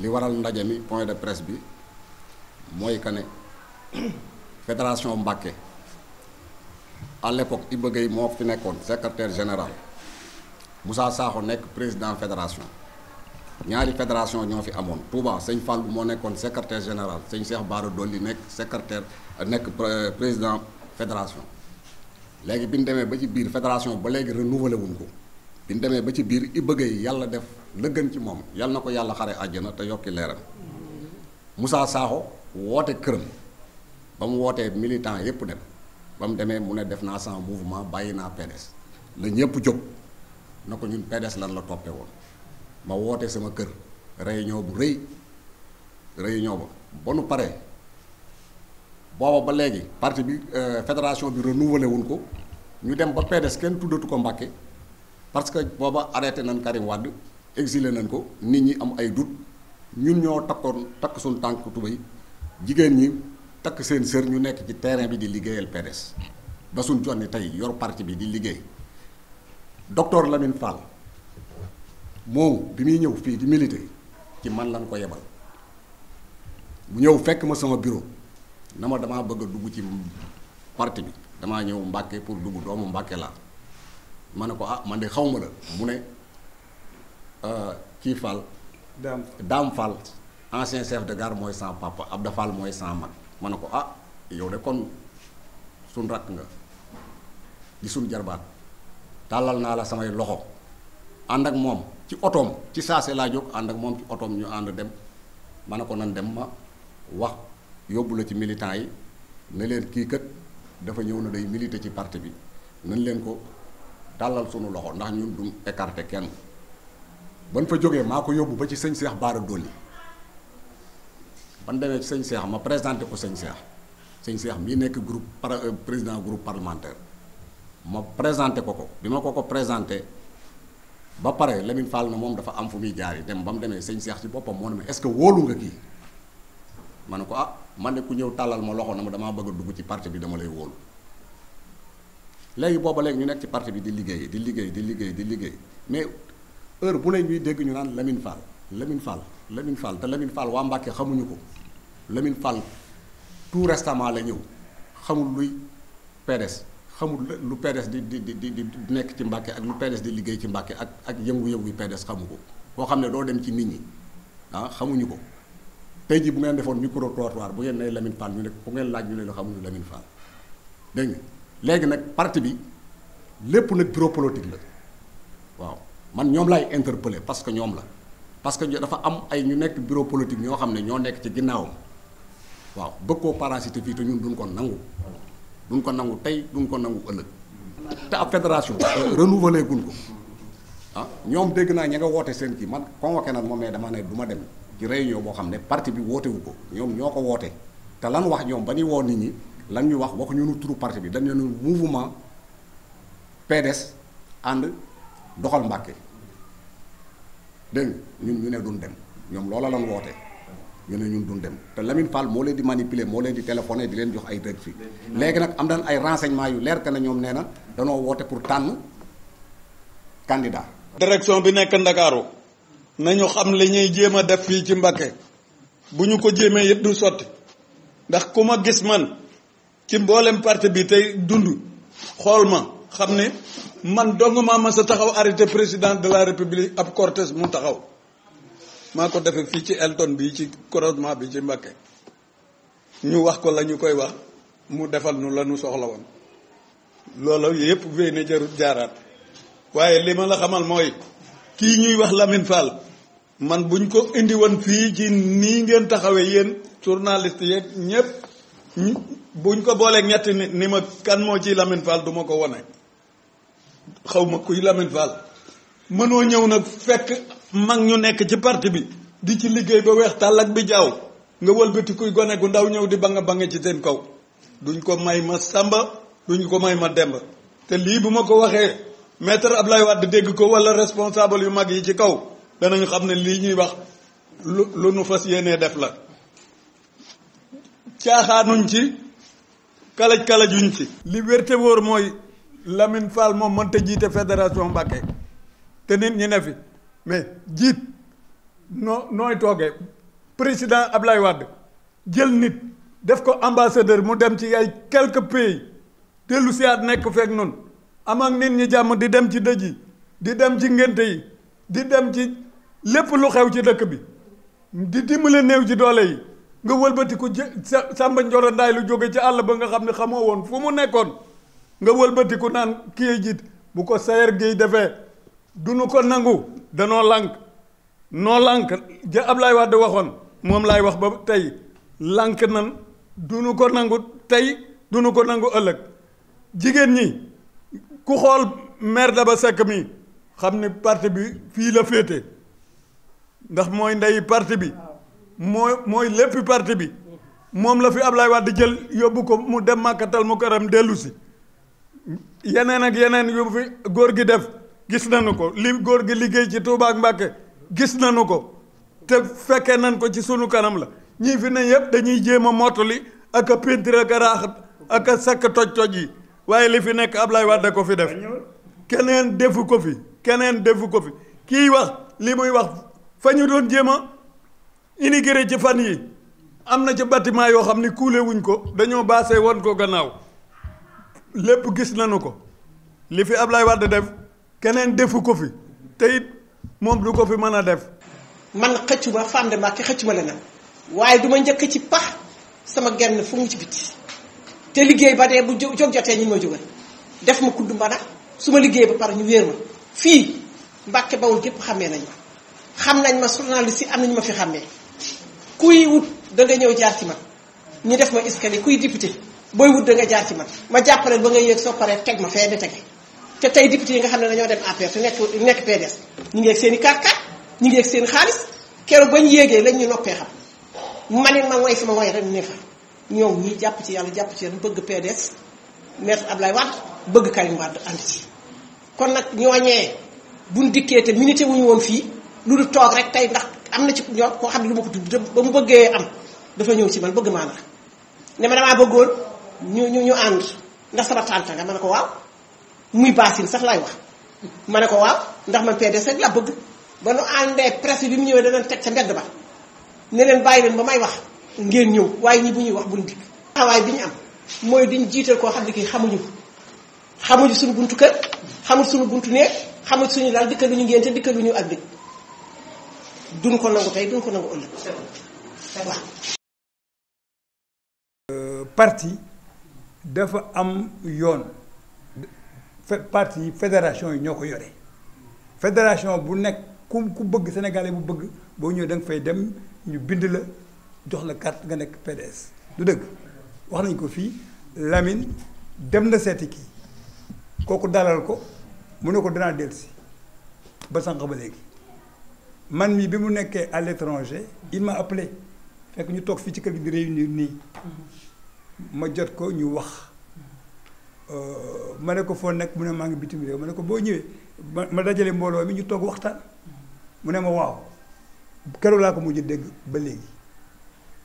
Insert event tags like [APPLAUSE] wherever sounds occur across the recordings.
li waral ndaje mi point de presse bi mooy que ne [COUGHS] fédération Mbacké à l'époque Iba Gueye moo fi nekkoon secretaire général Moussa Sakho nekk président fédération ñaari fédération ñoo fi amoon Touba sëñ Fallou moo nekkoon secrétaire général sëñ Cheikh Bara Dolly nekk secrétaire nekk président fédération léegi bi ñu demee ba ci biir fédération ba léegi renouvelé wuñ ko bi ñu demee ba ci biir Iba Gueye yàlla def la gën ci moom yal na ko yàlla xare àjjana te yokki leeram Moussa Sakho woote këram ba mu wootee militant yépp dem ba mu demee mu ne def naa sans mouvement bàyyi naa PDS la ñëpp jóg na ko ñun PDS lan la toppe woon ma woote sama kër réunion bu rëy réunion ba ba nu paree booba ba léegi parti bi euh, fédération bi renouvelé wuñ ko ñu dem ba PDS kenn tuddatu ko Mbàkke parce que booba arrêté nañ Karim Wade exile nañ ko nit ñi am ay doute ñun ñoo takkoon takk suñu tànk tubéy jigéen ñi takk seen sër ñu nekk ci terrain bi di liggéeyal PDS ba suñ jonni tey yor parti bi di liggéey docteur Lamine Fall moom bi muy ñëw fii di militer ci man lañ ko yebal mu ñëw fekk ma sama bureau na ma damaa bëgg a dugg ci parti bi damaa ñëw Mbàkke pour dugg doomu Mbàkke laa ma ne ko ah man de xaw ma la mu ne Euh, kii Fall. Dame Dame Fall chef de gare mooy sans papa Abda Fall mooy sans mag ma ne ko ah yow de kon suñ rakk nga di suñ jarbaat tàllal naa la samay loxo ànd ak moom ci otoom ci saase laa jóg ànd ak moom ci otoom ñu ànd dem ma ne ko nan dem ma wax yóbbu la ci militant yi ne leen kii kat dafa ñëw na day militer ci parti bi nañ leen ko tàllal sunu loxo ndax ñun du écarté kenn. ban fa jógee maa ko yóbbu ba ci sëñ Cheikh Baara Dolli ban demee ci sëñ Cheikh ma présenté ko sëñ Cheikh sëñ Cheikh mii nekk group par euh, président group parlementaire ma présente ko ko bi ma ko ko présenté ba pare Lamine Fall na moom dafa am fu muy jaar yi dem ba mu demee sëñ seex ci boppam moo ne ma ce que wóolu nga kii ma ne ko ah man ne ku ñëw tàllal ma loxo na ma damaa bëgg a dugg ci parti bi dama lay wóolu léegi boobu léegi ñu nekk ci parti bi di liggéey di liggéey di liggéey di liggéey mais. heure bu ne dégg ñu naan Lamine Fall Lamine faal Lamine Fall te Lamine Fall waa Mbàkke xamuñu ko Lamine Fall tout récemment la ñëw xamul luy PDS xamul lu PDS di di di di nekk ci Mbàkke ak lu PDS di liggéey ci Mbàkke ak ak yëngu-yëngu PDS xamu ko koo xam ne doo dem ci nit ñi ah xamuñu ko tey jii bu ngeen defoon micro trottoir bu ngeen nee Lamine Fall ñu ne ku ngeen laaj ñu ne la xamuñu Lamine Fall dégg léegi nag parti bi lépp nag bureau politique la waaw. man ñoom lay interpeller parce que ñoom la parce que dafa am ay ñu nekk bureau politique ñoo xam ne ñoo nekk ci ginnaawam waaw bëgg koo parasité fii te ñun dun ko nangu dun ko nangu tey dun ko nangu ëllëg te ab fédération euh, renouvelé guñ ko ah ñoom dégg naa ña nga woote seen kii man convoqué na ma mais dama ne du ma dem ci réunion boo xam ne parti bi woote ko ñoom ñoo ko woote te lan wax ñoom ba ñuy woo nit ñi lan ñu wax waxuñu nu turu parti bi dañu ne mouvement PDS ànd doxal Mbàkke dégg ñun ñu ne duñ dem ñoom loola lan woote ñu ne ñun duñ dem te Lamine Fall moo leen di manipuler moo leen di téléphoné di leen jox ay dëgg fii léegi nag am daan ay renseignement yu leer que ne ñoom nee na danoo woote pour tànn candidat direction bi nekk Ndakaaru nañu xam li ñuy jéem a def fii ci Mbacké bu ñu ko jéemee yëpp du sotti ndax ku ma gis man ci mboolem parti bi tey dund xool ma xam ne man dong maa ma sa taxaw arrêté président de la république ab cortège mu taxaw maa ko defee fii ci Elton bi ci croisement bi ci Mbacké ñu wax ko la ñu koy wax mu defal nu la ñu soxla woon loolu yëpp wéy na jarut jaaraat waaye li ma la xamal mooy kii ñuy wax Lamine Fall man buñ ko indi woon fii ci nii ngeen taxawee yéen journaliste yeeg ñëpp buñ ko boolee ñetti ni ma kan moo ci Lamine Fall du ma ko wone xaw ma kuy Lamine Fall mënoo ñëw nag fekk mag ñu nekk ci parti bi di ci liggéey ba weex tàll ak bi jaaw nga wëlbati kuy gone gu ndaw ñëw di banga banga ci seen kaw duñ ko may ma sàmba duñ ko may ma demb te lii bu ma ko waxee maître Ablaye Wade dégg ko wala responsable yu mag yi ci kaw danañu xam ne lii ñuy wax lu lu nu fas yéenee def la caaxaanuñ ci kalaj kalajuñ ci. li wérte mooy. Lamine Fall moom mënta jiite fédération Mbacké te nit ñi ne fi mais jiit noo nooy toogee président Ablaye Wade jël nit def ko ambassadeur mu dem ci ay quelques pays dellu siyaat nekk feek noonu am ak nit ñi jàmm di dem ci dëj yi di dem ci ngénte yi di dem ci lépp lu xew ci dëkk bi di dimbale néew ci doole yi nga wëlbatiku jë sa sàmba njoro ndaay lu jóge ci àll ba nga xam ne xamoo woon fu mu nekkoon nga wëlbatiku naan kii jiit bu ko sayer giy defee du nu ko nangu danoo lànk noo lànk ja lay Wade waxoon moom laay wax ba tey lànk na du nu ko nangu tey du nu ko nangu ëllëg jigéen ñi ku xool maire ba Seck mi xam ni parti bi fii la féete ndax mooy ndey parti bi mooy mooy lépp parti bi moom la fi ab Ablaye Wade jël yóbbu ko mu dem màkkatal mu këram dellusi yeneen ak yeneen yu fi góor gi def gis nañu ko li góor gi liggéey ci Touba ak Mbàkke gis nañu ko te fekkee nañ ko ci sunu kanam la ñii fi ne yëpp dañuy jéem a mottali ak a peinture ak a ak a sakk toj-toj yi waaye li fi nekk Ablaye Wade ko fi def keneen defu ko fi keneen defu ko fi kii wax li muy wax fa ñu doon jéem a intégré ci fan yi am na ci bâtiment yoo xam ni kuule ko dañoo baasee woon ko gannaaw. lépp gis nañu ko li fi Ablaye Wade def keneen defu ko fi te moom du ko fi mën a def. man xëccu ma Fande Mbacke xëccu ma leneen waaye du ma njëkk ci pax sama genn fu mu ci biti te liggéey ba dee bu jo jotee ñu ma jógal def ma kudd mbana su ma liggéey ba pare ñu wéer ma fii Mbacke Bawol gépp xàmmee nañ ma xam nañ ma journaliste si am nañu ma fi xàmmee kuy wut danga ñëw jaar ci man ñu def ma escalier kuy député. booy wut da nga jaar ci man ma jàppale ba nga yéeg soo paree teg ma fee di tege te tey député yi nga xam ne dañoo dem APR su nekk nekk PDS ñu ngi yegg seen i kaat kaat ñu ngi yegg xaalis keroog bañ yéegee lañ ñu noppee xam manit ma ngoy sama ngoy rek ne fa ñoom ñii jàpp ci yàlla jàpp ci yàlla bëgg PDS maître Ablaye Wade bëgg Karim Wade ànd ci kon nag ñooñee buñ dikkee te minité wuñu woon fii lu dul toog rek tey ndax am na ci ñoo koo xam ne lu ma ko tudd ba mu bëggee am dafa ñëw ci man bëgg maa ne ma damaa bëggoon ñu ñu ñu ànd ndax sama tànta nga ma ne ko waaw muy baasin sax laay wax ma ne ko waaw ndax man PDS rek laa bëgg ba nu àndee presse bi mu ñëwee danañ teg ca mbedd ba ne leen bàyyi leen ba may wax ngeen ñëw waaye ñii bu ñuy wax buñ dikk taxawaay bi ñu am mooy diñ jiital koo xam ne kii xamuñu xamuñu suñu buntu kër xamul suñu buntu néeg xamul suñu daal dikkaluñu ngeen te dikkaluñu ak dëj duñ ko nangu tey duñ ko nangu ëllëg waaw euh, parti dafa am yoon parti fédération yi ñoo ko yore fédération bu nekk ku ku bëgg sénégalais bu bëgg boo ñëwee danga fay dem ñu bind la jox la carte nga nekk PDS du dëgg wax nañ ko fii Lamine dem na seeti kii kooku dalal ko mu ne ko danaa dellusi ba sànq ba léegi man mii bi mu nekkee à l'étranger il m'a appelé fekk ñu toog fii ci kër gi di réunir nii ma jot ko ñu wax euh, ma ne ko foo nekk mu ne maa ngi bitim réew ma ne ko boo ñëwee ma ma dajale mbooloo mi ñu toog waxtaan mu ne ma waaw keroog laa ko mu mujj dégg ba léegi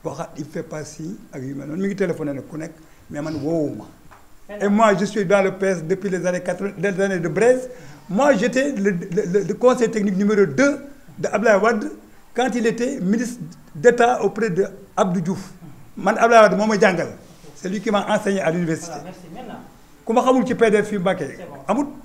waxaat il fait pas si ak yu mel noonu mi ngi téléphoné nag ku nekk mais man woowu ma. et moi je dans le PS depuis les années quatre des années de Braise moi j' le le le conseil technique numéro deux de Ablaye Wade quand il était ministre d' au près de Abdou Diouf man Ablaye Wade ma jàngal. c'est lui qui m'a enseigné à l'université ku ma xamul ci PDF fi Mbacké amut